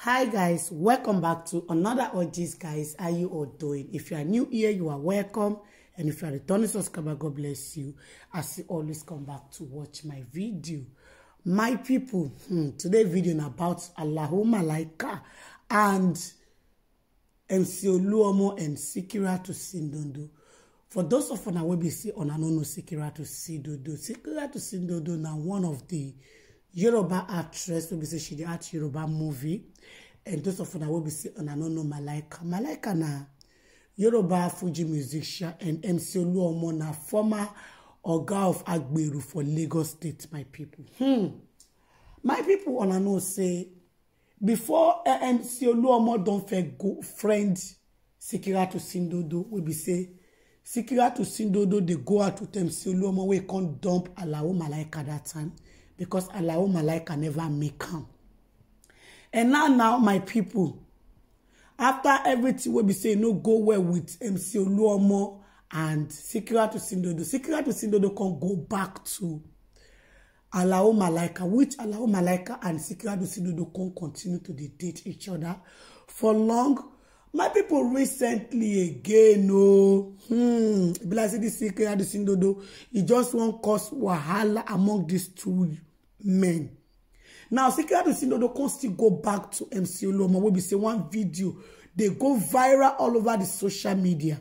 hi guys welcome back to another OGs guys how you all doing if you are new here you are welcome and if you are returning subscriber god bless you as you always come back to watch my video my people hmm, today video is about Alao Malaika and MC Oluomo and to Sindodo for those of una wey be say una no to Sikiratu Sikira to Sindodo now one of the Yoruba actress wey be say she dey act Yoruba movie and those of una wey be say una no know Malaika. Malaika na Yoruba Fuji musician and MC Oluomo na former oga of Agberu for Lagos State my people. Hmm. My people una know say before eh, MC Oluomo don go friend to Sindodo wey be say to Sindodo dey go out with MC Oluomo wey come dump Alao Malaika that time because Alao Malaika never make come. And now, now, my people, after everything will be saying no go well with MC Oluomo and Sikiratu Sindodo, Sikiratu Sindodo can go back to Alao Malaika, which Alao Malaika and Sikiratu Sindodo can continue to date each other for long. My people recently again, oh, hmm, Blasidi Sikiratu Sindodo, he just won't cause wahala among these two men now Sikiratu Sinodo can still go back to MC Oloma wey be say one video they go viral all over the social media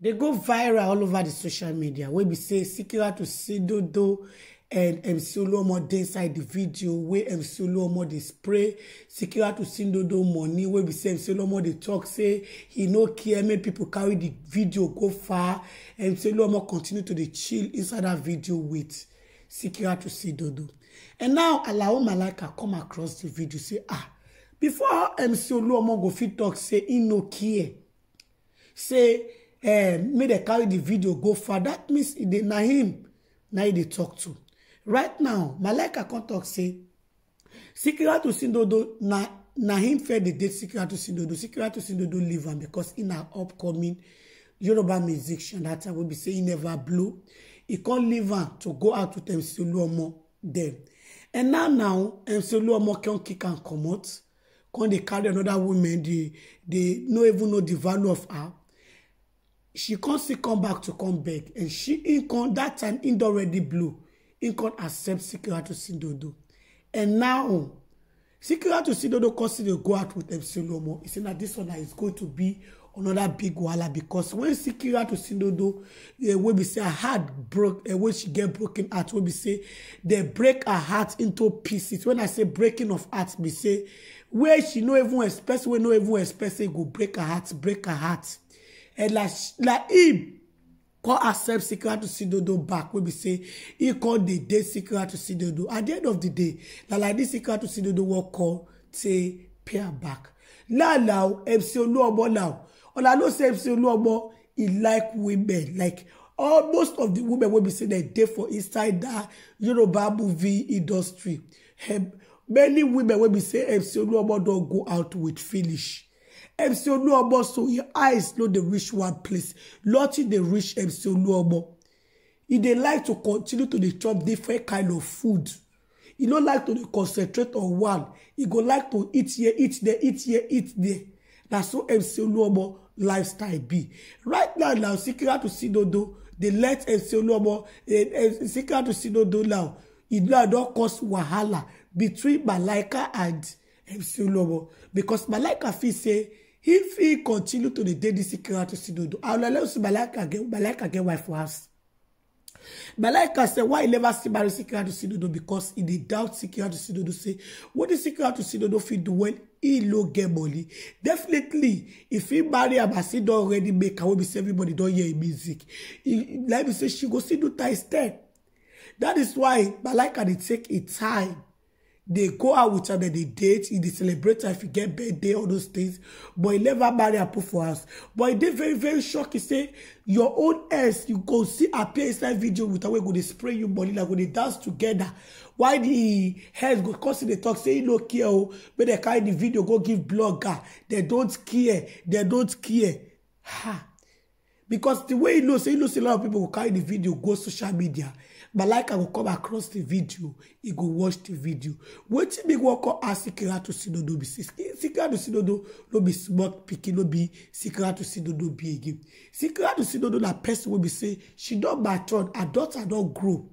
They go viral all over the social media wey be say to Sinodo and MC Oluomo dey inside the video wey MC Oluomo dey spray to Sindodo money wey be say MC Oluomo dey talk say he no care Many people carry the video go far MC Oluomo continue to the chill inside that video with to Sinodo and now alao malaka come across the video say ah before mc oluomo go fit talk say he no care say eh, make dem carry the video go far that means dey na him na he dey talk to right now malaka come talk say sikiratu sindodo na na him fair dey date sikiratu sindodo sikiratu sindodo leave am because he na upcoming yoruba musician that time wey be say he never blow He come leave am to go out with mc oluomo dem and now now mc oluomo kick am comot come dey carry another woman dey dey no even know the value of her she come still come back to come beg and she in come that time in don already blow in come accept Sikiratu Sindodo and now Sikiratu Sindodo come still dey go out with mc oluomo he say na this one na is going to be another big wahala because when sikira to sindodo uh, eh, wey be say her heart broke the eh, way she get broken heart wey be say they break her heart into pieces when i say breaking of heart we say where she no even expect where no even expect it e go break her heart break her heart and like like him im come accept to Sidodo back wey be say e the day date to Sidodo at the end of the day na like this to Sidodo wan call say pair back now now MC Oluomo now Olalose MC Oluomo, he like women. Like all most of the women wey be say dem dey for inside that Yoruba movie industry. Um, many women wey be say MC Oluomo don go out with finish. MC Oluomo so your eyes no dey reach one place. Nothing dey reach MC Oluomo. He dey like to continue to dey chop different kind of food. He no like to dey concentrate on one. He go like to eat here, eat there, eat here, eat there. That's so MC Oluomo lifestyle be. Right now, now Sikiratu Sinodo, they let MC Oluomo, eh, eh Sikiratu Sinodo now, it now don cause wahala between Malaika and MC Oluomo because Malaika feel say he he continue to dey date this to Sinodo, I will allow Malaika get Malaika get wife for house. Malaika say why he never see marry Sikiratu Sinodo because he dey doubt Sikiratu Sinodo say what is Sikiratu Sinodo fit do well he no get money definitely if he marry abasi don already make I will be say everybody don't hear music he like me say she go see do times ten that is why malaika dey take im time dey go out with her dem dey date e dey celebrate her if e get birthday all those things but e never marry her put for house but e dey very very shocking say your own ex you go see appear inside video with her wey go dey spray you money like go dey dance together why the head go cause dey talk say he no care o oh, make dem carry the video go give blogger dem don't care dem don't care ha because the way he know say he know say a lot of people go carry the video go social media But like i go come across the video e go watch the video wetin big wan call her sikiratu sinodo be sikiratu sinodo no be small pikin no be sikiratu sinodo be again sikiratu sinodo na person wey be say she don mature her daughter don grow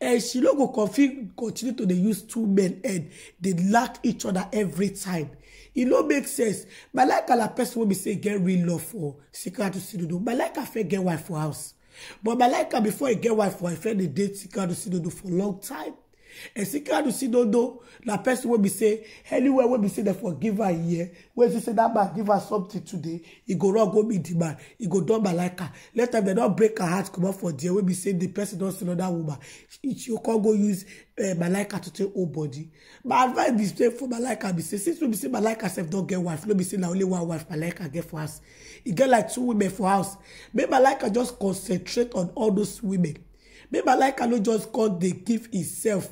and she no go continue to dey use two men and dey lack each other every time e no make sense my like na person wey be say get real love for sikiratu sinodo my like i fit get wife for house But my life can before I get wife, the a friend, they date Ricardo do for a long time. And see, can see no no? That person will be say, anywhere will be say the forgiver here. When she say that man give her something today, he go wrong go be the He go down by like her. Let them not break her heart, come out for dear. Will be say the person don't see another woman. She, she can't go use uh, eh, Malika to take whole body. My advice be say for Malika be say, since we be say my like herself don't get wife, no be say na only one wife My Malika get for us. He e get like two women for house. Make Malika just concentrate on all those women Maybe like I no just come the give itself.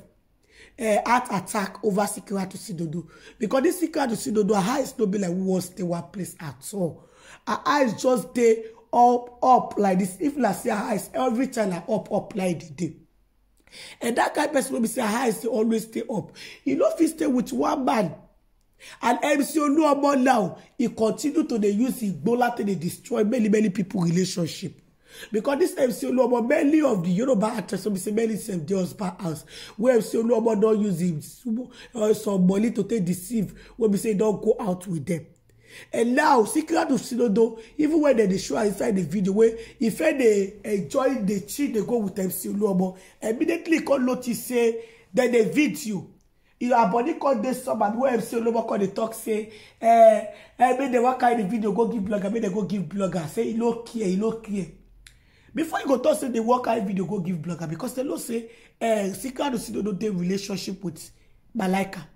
uh, eh, heart attack over Sikiratu Sidodo because this Sikiratu Sidodo her eyes no be like one stable place at all. Her eyes just dey up up like this. If last year her eyes every time na up up like the day. And that kind of person will be say her eyes dey always stay up. You know if fit stay with one man and MC Oluomo now he continue to they use igbo latin they destroy many many people relationship because this MC Oluomo many of the Yoruba actors so be say many same dey husband house wey MC Oluomo don use him uh, some money to take deceive where be say don go out with them and now Sikiratu Sinodo even when they show inside the video where if e dey enjoy the cheat, they go with MC Oluomo immediately come notice say dem dey video her body con dey stubborn where MC Oluomo con the talk say eh, eh, make dem wan carry the video go give blogger make they go give blogger say he look care he look care before you go talk say the work out video go give blogger because dem know say eh sikandar sidodo dey relationship with malaika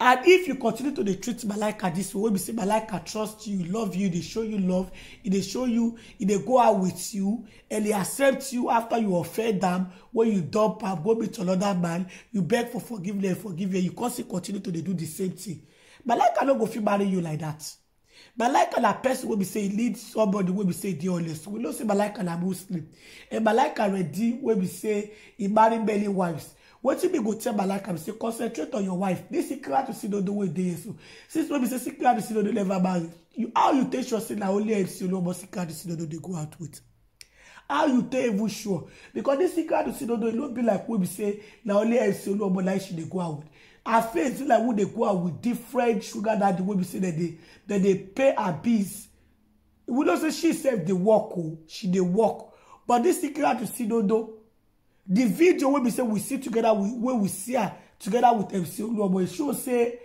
and if you continue to dey treat malaika this way wey be say malaika trust you love you they show you love they e show you they e go out with you and they accept you after you offend them when you dump am go meet another man you beg for forgiveness forgive you you can't still continue to they do the same thing malaika no go fit marry you like that Malaika na person wey be say e lead somebody wey be say e dey honest. We know say Malaika na Muslim. And Malaika ready wey be say he marry many wives. wetin be go tell malaka be say concentrate on your wife This secret to see no way dey so since wey be say secret to see no never marry you how you take sure say na only mc no but secret to see no dey go out with how you take even sure because this secret to see no no be like wey be say na only mc no but like she dey go out her face like when dey go out with different sugar daddy wey be say that they that they pay her bills we don't say she sef dey work o oh. she dey work but this secret to see sinodo the video wey be say we see together we wey we see her together with mc oluomo She show say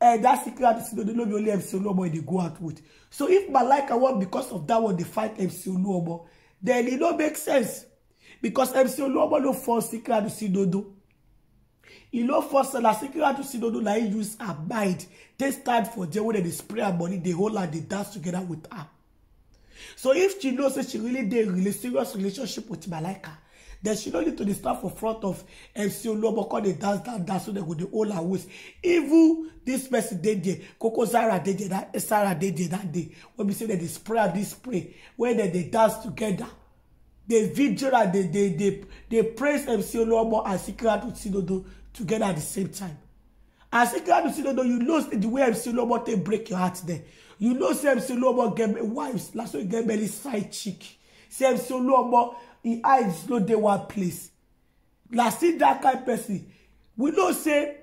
eh that secret to sinodo no be only mc oluomo they go out with so if malaika want because of that one dey fight mc oluomo then it don't make sense because mc oluomo no fall secret to see sinodo e no force her na secret to see no na e use abide, they take stand for there wey they spray her money they hold her they dance together with her so if she knows that she really dey really serious relationship with Malika, then she no need to dey stand for front of mc because they dance that dance so they go the whole her waist even this person did there Coco zara did there that sarah did there that day when we say that they spray her this spray wey they they dance together dey vigila dey dey dey dey praise mc oluomo and Sikiratu Sidodo together at the same time and Sikiratu Sidodo you know say the way mc oluomo take break your heart there you know say mc oluomo get wives last week get belly side chick say mc oluomo im eyes no dey one place na still that kind person we know say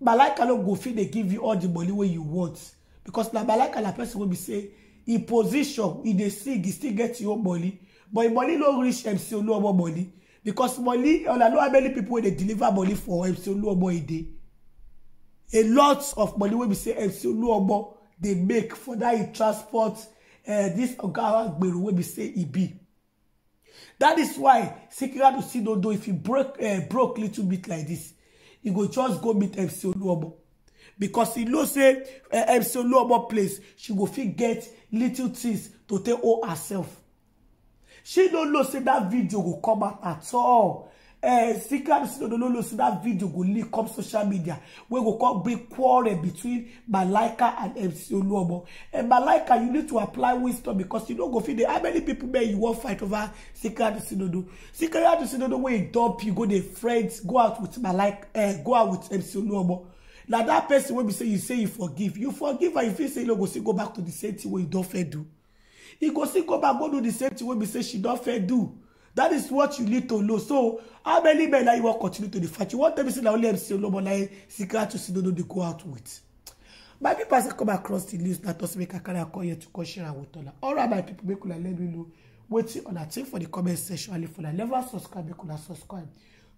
malaika no go fit dey give you all the money wey you want because na malaika na person wey be say e position e dey sing e still get your money but money no reach mc oluomo money because money una know how many people wey dey deliver money for mc oluomo e dey a lot of money wey be say mc oluomo dey make for that he transport uh, this oga agbero wey be say he be that is why sikiradu do if he break uh, broke little bit like this he go just go meet mc oluomo because he know say uh, eh, mc oluomo place she go fit get little things to take hold herself She don't know say that video will come out at all. Eh, Sikram she don't know say that video will leak come social media. We go come bring quarrel between Malika and MC Oluomo. And Malika, you need to apply wisdom because you don't go feel how many people may you want fight over She don't Sikram she don't know. when you dump you go the friends go out with Malika, uh, eh, go out with MC Oluomo. Now that person wey be say you say you forgive you forgive and you feel say you no go still go back to the same thing wey you don't first do He go still go back go do the same thing wey be say she don fair do that is what you need to know so how many men na you wan continue to dey fight you wan tell me say na only mc olomo na e sikiratu no dey go out with my people as come across the news na just make i carry am come here to come share am with una all right my people make una let me know wetin una think for the comment section and if una never subscribe make una subscribe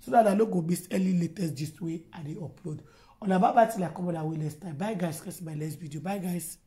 so that i no go miss any latest gist wey i dey upload una bye bye till i come on our way next time bye guys catch my next video bye guys.